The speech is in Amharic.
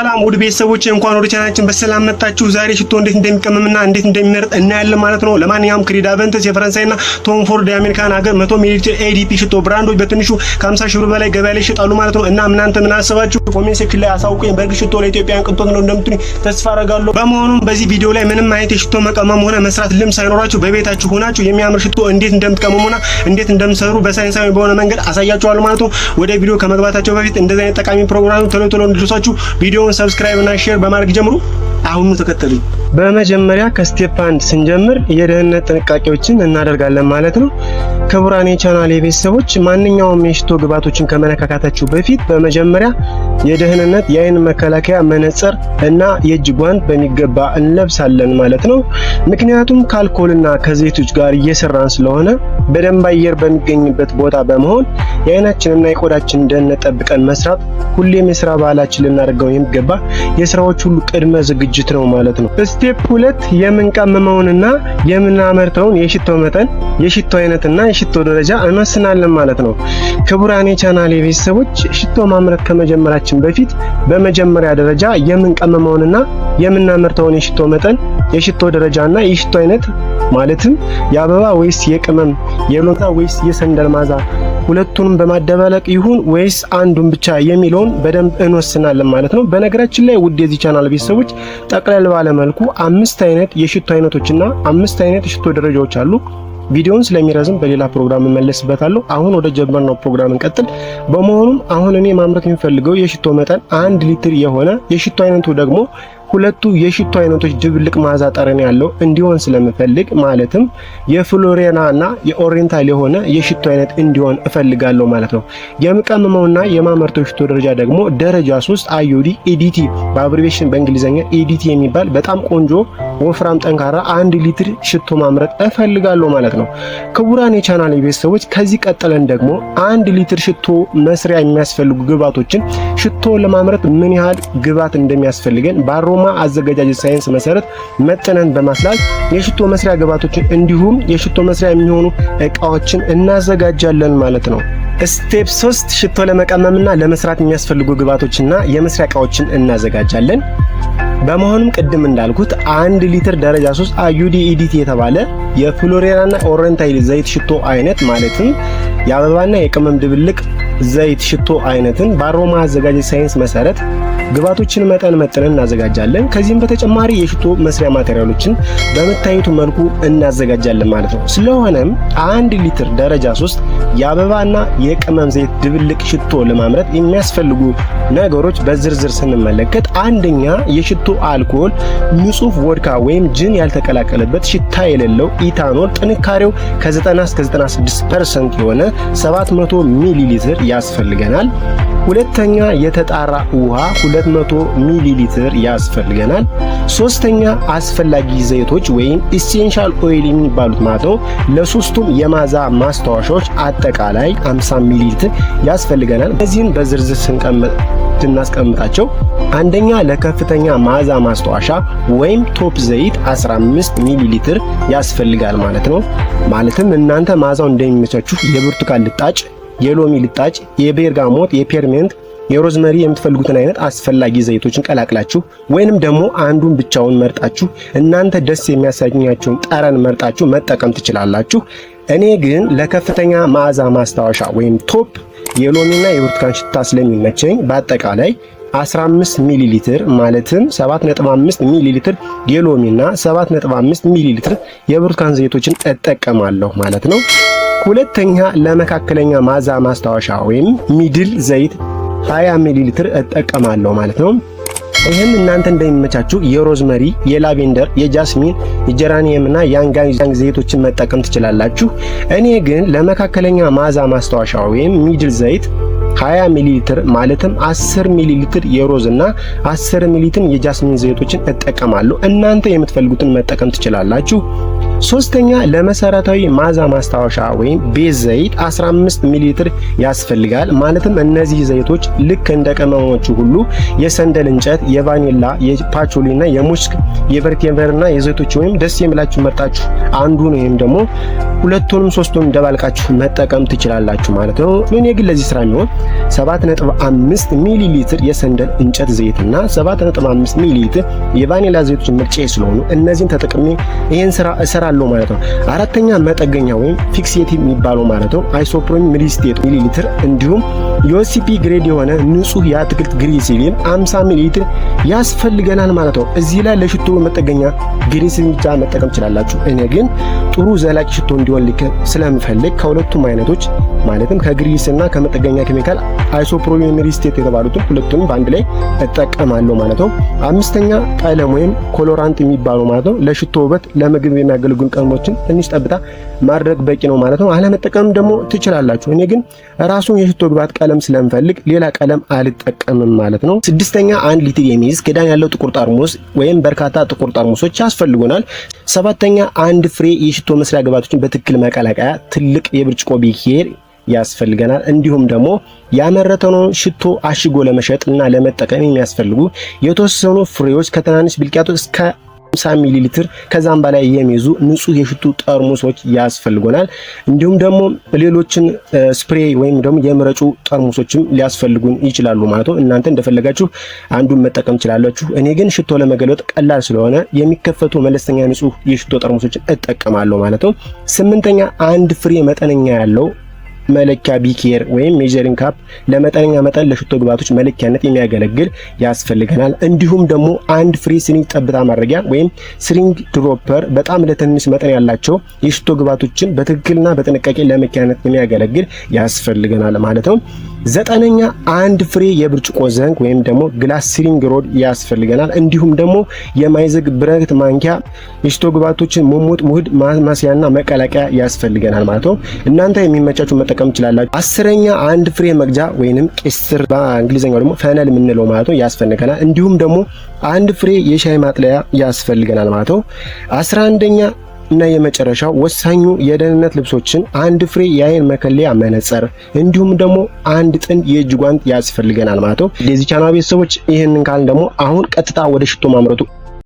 ሰላም ውድ ቤተሰቦች እንኳን ወደ ቻናችን በሰላም መጣችሁ። ዛሬ ሽቶ እንዴት እንደሚቀመምና እንዴት እንደሚመረጥ እናያለን ማለት ነው። ለማንኛውም ክሪድ አቨንትስ የፈረንሳይና ቶም ፎርድ የአሜሪካን ሀገር 100 ሚሊ ሊትር ኤዲፒ ሽቶ ብራንዶች በትንሹ ከ50 ሺህ ብር በላይ ገበያ ላይ ይሸጣሉ ማለት ነው። እና እናንተ ምን አሰባችሁ? ኮሜንት ሴክሽን ላይ አሳውቁኝ። በእርግጥ ሽቶ ለኢትዮጵያን ቅንጦት ነው እንደምትሉ ተስፋ አረጋለሁ። በመሆኑም በዚህ ቪዲዮ ላይ ምንም አይነት የሽቶ መቀመም ሆነ መስራት ልምድ ሳይኖራችሁ በቤታችሁ ሆናችሁ የሚያምር ሽቶ እንዴት እንደምትቀመሙና እንዴት እንደምትሰሩ በሳይንሳዊ በሆነ መንገድ አሳያችኋለሁ ማለት ነው። ወደ ቪዲዮ ከመግባታቸው በፊት እንደዚህ አይነት ጠቃሚ ፕሮግራም ቶሎ ቶሎ እንድደርሳችሁ ቪዲዮ ቪዲዮውን ሰብስክራይብ እና ሼር በማድረግ ጀምሩ። አሁኑ ተከተሉኝ። በመጀመሪያ ከስቴፕ አንድ ስንጀምር የደህንነት ጥንቃቄዎችን እናደርጋለን ማለት ነው። ክቡራን የቻናል የቤተሰቦች ማንኛውም የሽቶ ግብዓቶችን ከመነካካታችሁ በፊት በመጀመሪያ የደህንነት የአይን መከላከያ መነጽር እና የእጅ ጓንት በሚገባ እንለብሳለን ማለት ነው። ምክንያቱም ከአልኮልና ከዘይቶች ጋር እየሰራን ስለሆነ በደንብ አየር በሚገኝበት ቦታ በመሆን የአይናችንና የቆዳችንን ደህንነት ጠብቀን መስራት ሁሌም የስራ ባህላችን ልናደርገው የሚገባ የስራዎች ሁሉ ቅድመ ዝግጅት ነው ማለት ነው። ስቴፕ ሁለት የምንቀመመውንና የምናመርተውን የሽቶ መጠን፣ የሽቶ አይነትና የሽቶ ደረጃ እንወስናለን ማለት ነው። ክቡራኔ ቻናል የቤተሰቦች ሽቶ ማምረት ከመጀመራችን በፊት በመጀመሪያ ደረጃ የምንቀመመውንና የምናመርተውን የሽቶ መጠን፣ የሽቶ ደረጃና የሽቶ አይነት ማለትም የአበባ ወይስ የቅመም የሎታ ወይስ የሰንደል ማዛ ሁለቱንም በማደባለቅ ይሁን ወይስ አንዱን ብቻ የሚለውን በደንብ እንወስናለን ማለት ነው። በነገራችን ላይ ውድ የዚህ ቻናል ቤተሰቦች ጠቅለል ባለመልኩ አምስት አይነት የሽቶ አይነቶችና አምስት አይነት የሽቶ ደረጃዎች አሉ። ቪዲዮውን ስለሚረዝም በሌላ ፕሮግራም እመለስበታለሁ። አሁን ወደ ጀመርነው ፕሮግራም እንቀጥል። በመሆኑም አሁን እኔ ማምረት የሚፈልገው የሽቶ መጠን አንድ ሊትር የሆነ የሽቶ አይነቱ ደግሞ ሁለቱ የሽቶ አይነቶች ድብልቅ መዓዛ ጠረን ያለው እንዲሆን ስለምፈልግ ማለትም የፍሎሬና እና የሆነ የሽቶ አይነት እንዲሆን እፈልጋለሁ ማለት ነው። የምቀምመውና የማመርተው ሽቶ ደረጃ ደግሞ ደረጃ 3 አዮዲ ኢዲቲ e በአብሪቬሽን በእንግሊዝኛ ኢዲቲ e የሚባል በጣም ቆንጆ ወፍራም፣ ጠንካራ አንድ ሊትር ሽቶ ማምረት እፈልጋለሁ ማለት ነው። ክቡራን የቻናል ቤተሰቦች ከዚህ ቀጥለን ደግሞ አንድ ሊትር ሽቶ መስሪያ የሚያስፈልጉ ግብዓቶችን ሽቶ ለማምረት ምን ያህል ግብዓት እንደሚያስፈልገን በአሮማ አዘገጃጀት ሳይንስ መሰረት መጠነን በማስላል የሽቶ መስሪያ ግብዓቶችን እንዲሁም የሽቶ መስሪያ የሚሆኑ እቃዎችን እናዘጋጃለን ማለት ነው። ስቴፕ 3 ሽቶ ለመቀመምና ለመስራት የሚያስፈልጉ ግብዓቶችና የመስሪያ እቃዎችን እናዘጋጃለን። በመሆኑም ቅድም እንዳልኩት አንድ ሊትር ደረጃ 3 አዩዲ ኢዲት የተባለ የፍሎሪያና ኦሬንታይል ዘይት ሽቶ አይነት ማለትም የአበባና የቅመም ድብልቅ ዘይት ሽቶ አይነትን በአሮማ አዘጋጀት ሳይንስ መሰረት ግባቶችን መጠን መጥነን እናዘጋጃለን። ከዚህም በተጨማሪ የሽቶ መስሪያ ማቴሪያሎችን በምታዩት መልኩ እናዘጋጃለን ማለት ነው። ስለሆነም አንድ ሊትር ደረጃ ሶስት የአበባና የቅመም ዘይት ድብልቅ ሽቶ ለማምረት የሚያስፈልጉ ነገሮች በዝርዝር ስንመለከት አንደኛ የሽቶ አልኮል ንጹህ ወድካ ወይም ጅን ያልተቀላቀለበት ሽታ የሌለው ኢታኖል ጥንካሬው ከ90 እስከ 96% የሆነ 700 ሚሊ ሊትር ያስፈልገናል። ሁለተኛ የተጣራ ውሃ 200 ሚሊ ሊትር ያስፈልገናል። ሶስተኛ አስፈላጊ ዘይቶች ወይም ኢሴንሻል ኦይል የሚባሉት ማለት ነው። ለሶስቱም የማዛ ማስታወሻዎች አጠቃላይ 50 ሚሊ ሊትር ያስፈልገናል። እነዚህን በዝርዝር ስንቀምጥ እናስቀምጣቸው። አንደኛ ለከፍተኛ ማዛ ማስታወሻ ወይም ቶፕ ዘይት 15 ሚሊ ሊትር ያስፈልጋል ማለት ነው። ማለትም እናንተ ማዛው እንደሚመቻችሁ የብርቱካን ልጣጭ፣ የሎሚ ልጣጭ፣ የቤርጋሞት፣ የፔርሜንት የሮዝመሪ የምትፈልጉትን አይነት አስፈላጊ ዘይቶችን ቀላቅላችሁ ወይንም ደግሞ አንዱን ብቻውን መርጣችሁ እናንተ ደስ የሚያሰኛችሁን ጠረን መርጣችሁ መጠቀም ትችላላችሁ። እኔ ግን ለከፍተኛ መዓዛ ማስታወሻ ወይም ቶፕ የሎሚና የብርቱካን ሽታ ስለሚመቸኝ በአጠቃላይ 15 ሚሊ ሊትር ማለትም 7.5 ሚሊ ሊትር የሎሚና 7.5 ሚሊ ሊትር የብርቱካን ዘይቶችን እጠቀማለሁ ማለት ነው። ሁለተኛ ለመካከለኛ መዓዛ ማስታወሻ ወይም ሚድል ዘይት 20 ሚሊ ሊትር እጠቀማለሁ ማለት ነው። ይህም እናንተ እንደሚመቻችሁ የሮዝመሪ፣ የላቬንደር፣ የጃስሚን፣ የጀራኒየም እና የአንጋንግ ዘይቶችን መጠቀም ትችላላችሁ። እኔ ግን ለመካከለኛ መዓዛ ማስታወሻ ወይም ሚድል ዘይት 20 ሚሊ ሊትር ማለትም 10 ሚሊ ሊትር የሮዝ እና 10 ሚሊ ሊትር የጃስሚን ዘይቶችን እጠቀማለሁ። እናንተ የምትፈልጉትን መጠቀም ትችላላችሁ። ሶስተኛ ለመሰረታዊ ማዛ ማስታወሻ ወይም ቤዝ ዘይት 15 ሚሊ ሊትር ያስፈልጋል። ማለትም እነዚህ ዘይቶች ልክ እንደ ቅመሞቹ ሁሉ የሰንደል እንጨት፣ የቫኒላ፣ የፓቾሊና፣ የሙስክ፣ የቨርቴቨርና የዘይቶች ወይም ደስ የሚላችሁ መርጣችሁ ነው ወይም ደግሞ ሁለቱንም ሶስቱንም ደባልቃችሁ መጠቀም ትችላላችሁ ማለት ነው። ምን ግን ለዚህ ስራ የሚሆን 7.5 ሚሊ ሊትር የሰንደል እንጨት ዘይትና 7.5 ሚሊ ሊትር የቫኒላ ዘይቶች ምርጫ ስለሆኑ እነዚህን ተጠቅሜ ይህን ስራ እሰራ አለው ማለት ነው። አራተኛ መጠገኛ ወይም ፊክሴት የሚባለው ማለት ነው። አይሶፕሮን ሚሊስቴት ሚሊ ሊትር እንዲሁም የኦሲፒ ግሬድ የሆነ ንጹህ የአትክልት ግሪሲሊን 50 ሚሊ ሊትር ያስፈልገናል ማለት ነው። እዚህ ላይ ለሽቶ መጠገኛ ግሪሲሊን ብቻ መጠቀም ትችላላችሁ። እኔ ግን ጥሩ ዘላቂ ሽቶ እንዲሆን ስለምፈልግ ከሁለቱም አይነቶች ማለትም ከግሪስ እና ከመጠገኛ ኬሚካል አይሶፕሮን ሚሊስቴት የተባሉትን ሁለቱንም በአንድ ላይ እጠቀማለሁ ማለት ነው። አምስተኛ ቀለም ወይም ኮሎራንት የሚባለው ማለት ነው ለሽቶ ውበት ለምግብ የሚያገለግሉ የሚያስፈልጉን ቅመሞችን ትንሽ ጠብታ ማድረግ በቂ ነው ማለት ነው። አለመጠቀምም ደግሞ ትችላላችሁ። እኔ ግን ራሱን የሽቶ ግባት ቀለም ስለምፈልግ ሌላ ቀለም አልጠቀምም ማለት ነው። ስድስተኛ አንድ ሊትር የሚይዝ ክዳን ያለው ጥቁር ጠርሙስ ወይም በርካታ ጥቁር ጠርሙሶች ያስፈልጉናል። ሰባተኛ አንድ ፍሬ የሽቶ መስሪያ ግባቶችን በትክክል መቀላቀያ ትልቅ የብርጭቆ ቢኬር ያስፈልገናል። እንዲሁም ደግሞ ያመረተውን ሽቶ አሽጎ ለመሸጥ እና ለመጠቀም የሚያስፈልጉ የተወሰኑ ፍሬዎች ከትናንሽ ብልቂያቶች እስከ 50 ሚሊ ሊትር ከዛም በላይ የሚይዙ ንጹህ የሽቱ ጠርሙሶች ያስፈልጎናል። እንዲሁም ደግሞ ሌሎችን ስፕሬይ ወይም ደግሞ የምረጩ ጠርሙሶችም ሊያስፈልጉን ይችላሉ ማለት ነው። እናንተ እንደፈለጋችሁ አንዱን መጠቀም ትችላላችሁ። እኔ ግን ሽቶ ለመገልበጥ ቀላል ስለሆነ የሚከፈቱ መለስተኛ ንጹህ የሽቶ ጠርሙሶችን እጠቀማለሁ ማለት ነው። ስምንተኛ አንድ ፍሬ መጠነኛ ያለው መለኪያ ቢኬር ወይም ሜጀሪንግ ካፕ ለመጠነኛ መጠን ለሽቶ ግብዓቶች መለኪያነት የሚያገለግል ያስፈልገናል። እንዲሁም ደግሞ አንድ ፍሪ ስሪንግ ጠብታ ማድረጊያ ወይም ስሪንግ ድሮፐር በጣም ለትንሽ መጠን ያላቸው የሽቶ ግብዓቶችን በትክክልና በጥንቃቄ ለመኪያነት የሚያገለግል ያስፈልገናል ማለት ነው። ዘጠነኛ አንድ ፍሬ የብርጭቆ ዘንግ ወይም ደግሞ ግላስ ሲሪንግ ሮድ ያስፈልገናል። እንዲሁም ደግሞ የማይዘግ ብረት ማንኪያ፣ የሽቶ ግባቶችን መሞጥ፣ ውህድ ማስያና መቀላቀያ ያስፈልገናል ማለት ነው። እናንተ የሚመቻችሁ መጠቀም ትችላላችሁ። አስረኛ አንድ ፍሬ መቅጃ ወይንም ቄስር በእንግሊዝኛው ደግሞ ፈነል የምንለው ማለት ነው ያስፈልገናል። እንዲሁም ደግሞ አንድ ፍሬ የሻይ ማጥለያ ያስፈልገናል ማለት ነው። አስራ አንደኛ እና የመጨረሻው ወሳኙ የደህንነት ልብሶችን አንድ ፍሬ የአይን መከለያ መነጽር፣ እንዲሁም ደግሞ አንድ ጥንድ የእጅ ጓንት ያስፈልገናል ማለት ነው። የዚህ ቻናል ቤተሰቦች ይህንን ካልን ደግሞ አሁን ቀጥታ ወደ ሽቶ ማምረቱ